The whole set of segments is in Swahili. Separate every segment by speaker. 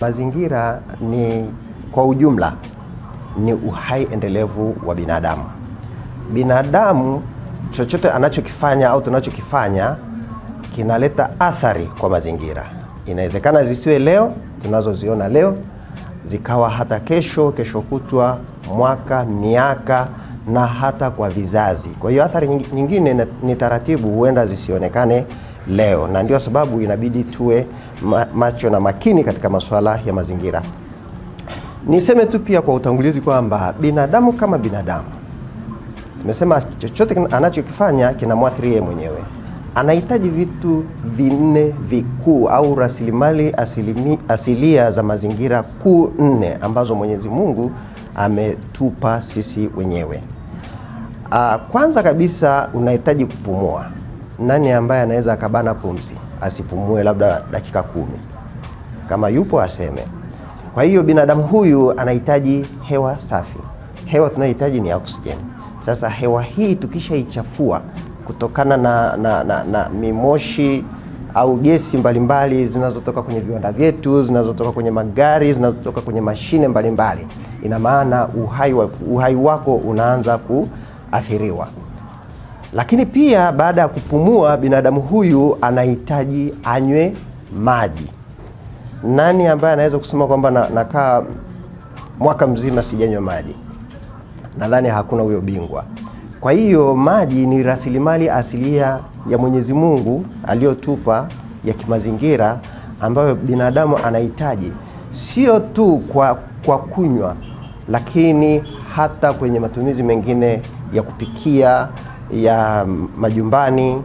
Speaker 1: Mazingira ni kwa ujumla ni uhai endelevu wa binadamu. Binadamu chochote anachokifanya au tunachokifanya kinaleta athari kwa mazingira. Inawezekana zisiwe leo tunazoziona leo, zikawa hata kesho, kesho kutwa, mwaka, miaka na hata kwa vizazi. Kwa hiyo athari nyingine ni taratibu, huenda zisionekane leo, na ndio sababu inabidi tuwe macho na makini katika masuala ya mazingira. Niseme tu pia kwa utangulizi kwamba binadamu kama binadamu, tumesema chochote anachokifanya kinamwathiri yeye mwenyewe. Anahitaji vitu vinne vikuu au rasilimali asilimi, asilia za mazingira kuu nne ambazo Mwenyezi Mungu ametupa sisi wenyewe. Ah, kwanza kabisa unahitaji kupumua nani ambaye anaweza akabana pumzi asipumue labda dakika kumi? Kama yupo aseme. Kwa hiyo binadamu huyu anahitaji hewa safi. Hewa tunayohitaji ni oxygen. Sasa hewa hii tukishaichafua kutokana na, na, na, na mimoshi au gesi mbalimbali zinazotoka kwenye viwanda vyetu, zinazotoka kwenye magari, zinazotoka kwenye mashine mbalimbali, ina maana uhai, uhai wako unaanza kuathiriwa. Lakini pia baada ya kupumua, binadamu huyu anahitaji anywe maji. Nani ambaye anaweza kusema kwamba nakaa na mwaka mzima sijanywa maji? Nadhani hakuna huyo bingwa. Kwa hiyo maji ni rasilimali asilia ya Mwenyezi Mungu aliyotupa ya kimazingira ambayo binadamu anahitaji sio tu kwa, kwa kunywa, lakini hata kwenye matumizi mengine ya kupikia ya majumbani,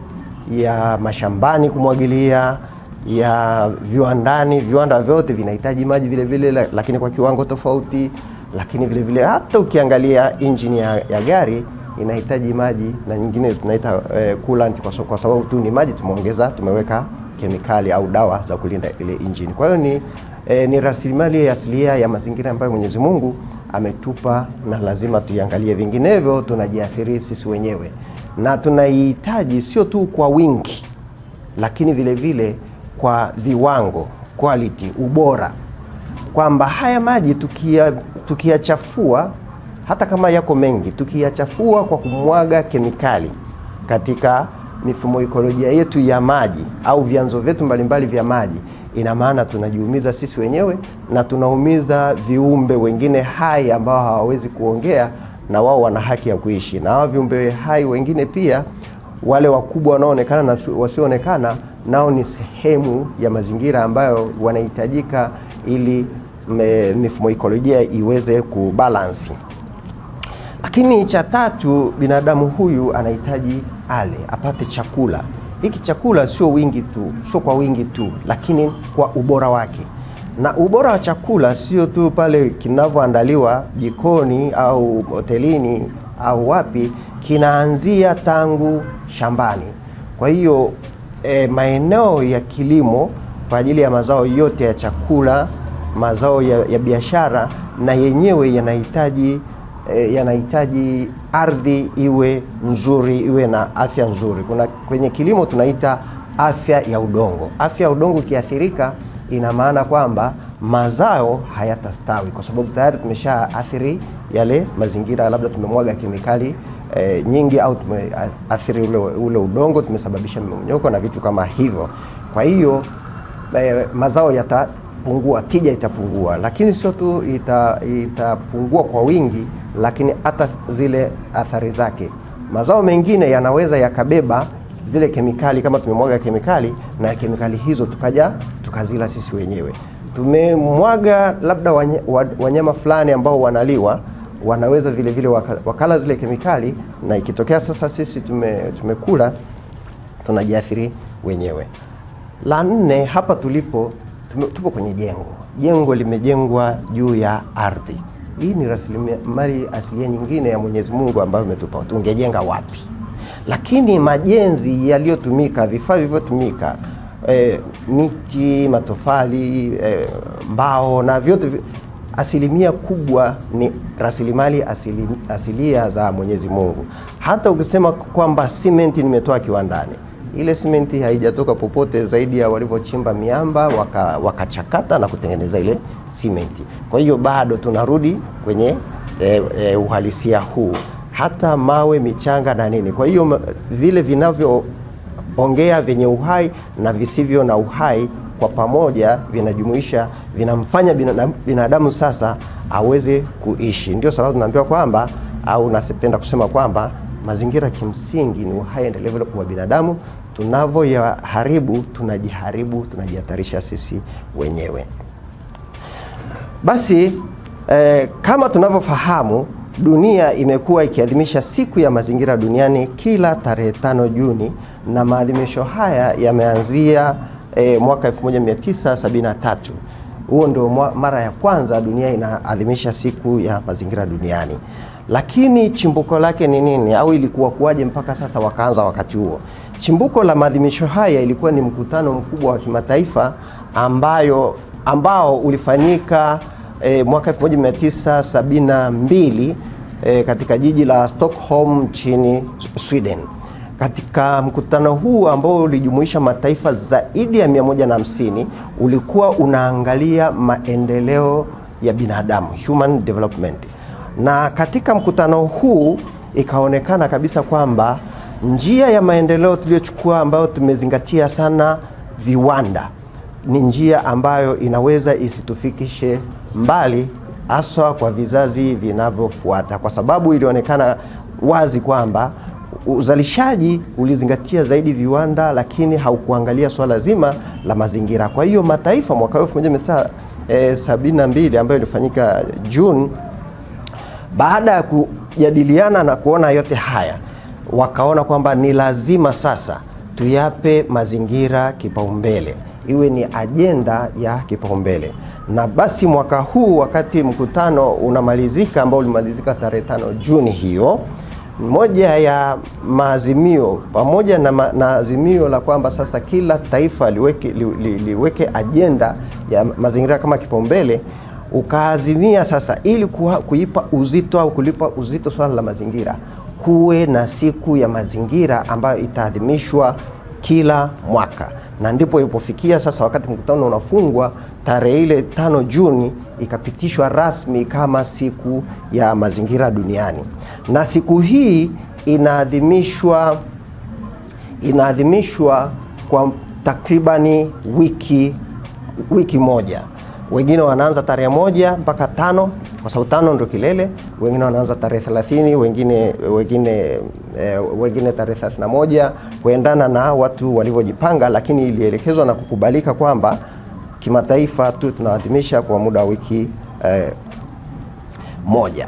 Speaker 1: ya mashambani kumwagilia, ya viwandani. Viwanda vyote vinahitaji maji vile vile, lakini kwa kiwango tofauti. Lakini vile vile hata ukiangalia injini ya, ya gari inahitaji maji na nyingine tunaita eh, coolant kwa, so, kwa sababu tu ni maji tumeongeza, tumeweka kemikali au dawa za kulinda ile injini. Kwa hiyo ni, eh, ni rasilimali asilia ya mazingira ambayo Mwenyezi Mungu ametupa na lazima tuiangalie, vinginevyo tunajiathiri sisi wenyewe na tunaihitaji sio tu kwa wingi, lakini vile vile kwa viwango, quality, ubora, kwamba haya maji tukiyachafua, hata kama yako mengi, tukiyachafua kwa kumwaga kemikali katika mifumo ikolojia yetu ya maji au vyanzo vyetu mbalimbali vya maji, ina maana tunajiumiza sisi wenyewe na tunaumiza viumbe wengine hai ambao hawawezi kuongea na wao wana haki ya kuishi, na hao viumbe hai wengine pia, wale wakubwa wanaoonekana na wasioonekana, nao ni sehemu ya mazingira ambayo wanahitajika ili mifumo ikolojia iweze kubalansi. Lakini cha tatu, binadamu huyu anahitaji ale, apate chakula. Hiki chakula sio wingi tu, sio kwa wingi tu, lakini kwa ubora wake na ubora wa chakula sio tu pale kinavyoandaliwa jikoni au hotelini au wapi, kinaanzia tangu shambani. Kwa hiyo e, maeneo ya kilimo kwa ajili ya mazao yote ya chakula, mazao ya, ya biashara na yenyewe yanahitaji e, yanahitaji ardhi iwe nzuri, iwe na afya nzuri. Kuna kwenye kilimo tunaita afya ya udongo. Afya ya udongo ikiathirika ina maana kwamba mazao hayatastawi kwa sababu tayari athiri yale mazingira, labda tumemwaga kemikali e, nyingi au tumeathiri ule, ule udongo, tumesababisha mmomonyoko na vitu kama hivyo. Kwa hiyo e, mazao yatapungua, tija itapungua, lakini sio tu ita, itapungua kwa wingi, lakini hata zile athari zake, mazao mengine yanaweza yakabeba zile kemikali kama tumemwaga kemikali na kemikali hizo tukaja tukazila sisi wenyewe. Tumemwaga labda wanyama fulani ambao wanaliwa wanaweza vile vile wakala, zile kemikali na ikitokea sasa sisi tume, tumekula tunajiathiri wenyewe. La nne hapa tulipo tume, tupo kwenye jengo. Jengo limejengwa juu ya ardhi. Hii ni rasilimali asilia nyingine ya Mwenyezi Mungu ambayo umetupa. Tungejenga wapi? lakini majenzi yaliyotumika, vifaa vilivyotumika e, miti, matofali e, mbao na vyote, asilimia kubwa ni rasilimali asili, asilia za Mwenyezi Mungu. Hata ukisema kwamba simenti nimetoa kiwandani, ile simenti haijatoka popote zaidi ya walivyochimba miamba wakachakata waka na kutengeneza ile simenti. Kwa hiyo bado tunarudi kwenye e, e, uhalisia huu hata mawe, michanga na nini. Kwa hiyo vile vinavyoongea vyenye uhai na visivyo na uhai kwa pamoja vinajumuisha, vinamfanya binadamu sasa aweze kuishi. Ndio sababu tunaambiwa kwamba au nasipenda kusema kwamba mazingira kimsingi ni uhai endelevu kwa binadamu. Tunavyoyaharibu tunajiharibu, tunajihatarisha sisi wenyewe. Basi eh, kama tunavyofahamu Dunia imekuwa ikiadhimisha siku ya mazingira duniani kila tarehe tano Juni na maadhimisho haya yameanzia e, mwaka 1973. Huo ndio mara ya kwanza dunia inaadhimisha siku ya mazingira duniani, lakini chimbuko lake ni nini au ilikuwa kuwaje mpaka sasa wakaanza wakati huo? Chimbuko la maadhimisho haya ilikuwa ni mkutano mkubwa wa kimataifa ambayo ambao ulifanyika e, mwaka 1972 e, katika jiji la Stockholm nchini Sweden. Katika mkutano huu ambao ulijumuisha mataifa zaidi ya 150 ulikuwa unaangalia maendeleo ya binadamu, human development. Na katika mkutano huu ikaonekana kabisa kwamba njia ya maendeleo tuliyochukua ambayo tumezingatia sana viwanda ni njia ambayo inaweza isitufikishe mbali haswa kwa vizazi vinavyofuata, kwa sababu ilionekana wazi kwamba uzalishaji ulizingatia zaidi viwanda, lakini haukuangalia swala zima la mazingira. Kwa hiyo mataifa mwaka 1972 eh, ambayo ilifanyika Juni, baada ya kujadiliana na kuona yote haya, wakaona kwamba ni lazima sasa tuyape mazingira kipaumbele, iwe ni ajenda ya kipaumbele na basi mwaka huu wakati mkutano unamalizika ambao ulimalizika tarehe tano Juni hiyo, moja ya maazimio pamoja na, ma, na azimio la kwamba sasa kila taifa liweke, li, li, liweke ajenda ya mazingira kama kipaumbele ukaazimia sasa, ili kuipa uzito au kulipa uzito swala la mazingira, kuwe na siku ya mazingira ambayo itaadhimishwa kila mwaka, na ndipo ilipofikia sasa wakati mkutano unafungwa tarehe ile tano Juni ikapitishwa rasmi kama siku ya mazingira duniani, na siku hii inaadhimishwa inaadhimishwa kwa takribani wiki wiki moja. Wengine wanaanza tarehe moja mpaka tano kwa sababu tano ndio kilele. Wengine wanaanza tarehe 30, wengine wengine e, wengine tarehe 31 kuendana na watu walivyojipanga, lakini ilielekezwa na kukubalika kwamba kimataifa tu tunaadhimisha kwa muda wa wiki eh, moja.